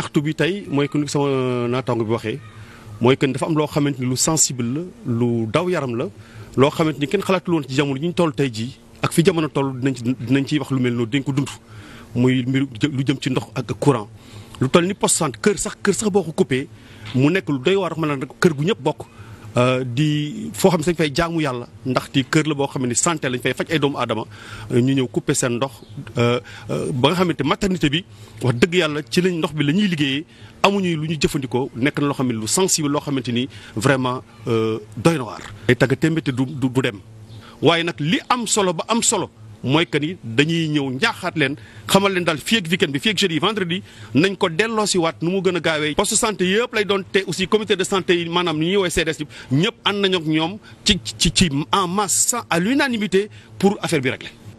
ñaxtu bi tey mooy que ni sama naataango bi waxee mooy que dafa am loo xamante ni lu sensible la lu daw yaram la loo xamante ni kenn xalaatul woon ci jamono ñi ñu toll tey jii ak fi jamono toll dinañ ci dinañ ciy wax lu mel noo dañ ko dund muy mbir lu jëm ci ndox ak courant. lu toll ni poste santé kër sax kër sax boo ko coupé mu nekk lu doy waar mën nag kër gu ñëpp bokk. Euh, di foo xam ne dañ fay jaamu yàlla ndax di kër la boo xam ne santé lañ fay faj ay doomu aadama euh, ñu ñëw couper seen ndox euh, ba nga xamante maternité bi wax dëgg yàlla ci lañ ndox bi la ñuy liggéeyee amuñu lu ñu jëfandikoo nekk na loo xam ne lu sensible loo xamante ni vraiment doy na waar. ay tagga témbéte du du dem waaye nag li am solo ba am solo. mooy que ni dañuy ñëw njaaxaat leen xamal leen daal fii ak weekend bi fii ak jeudi vendredi nañ ko delloo si waat nu mu gën a gaawee poste santé yëpp lay doon te aussi comité de santé yi maanaam ni ñuy woowee CDS yi ñëpp ànd ñoom ci ci ci en masse à l'unanimité pour affaire bi régler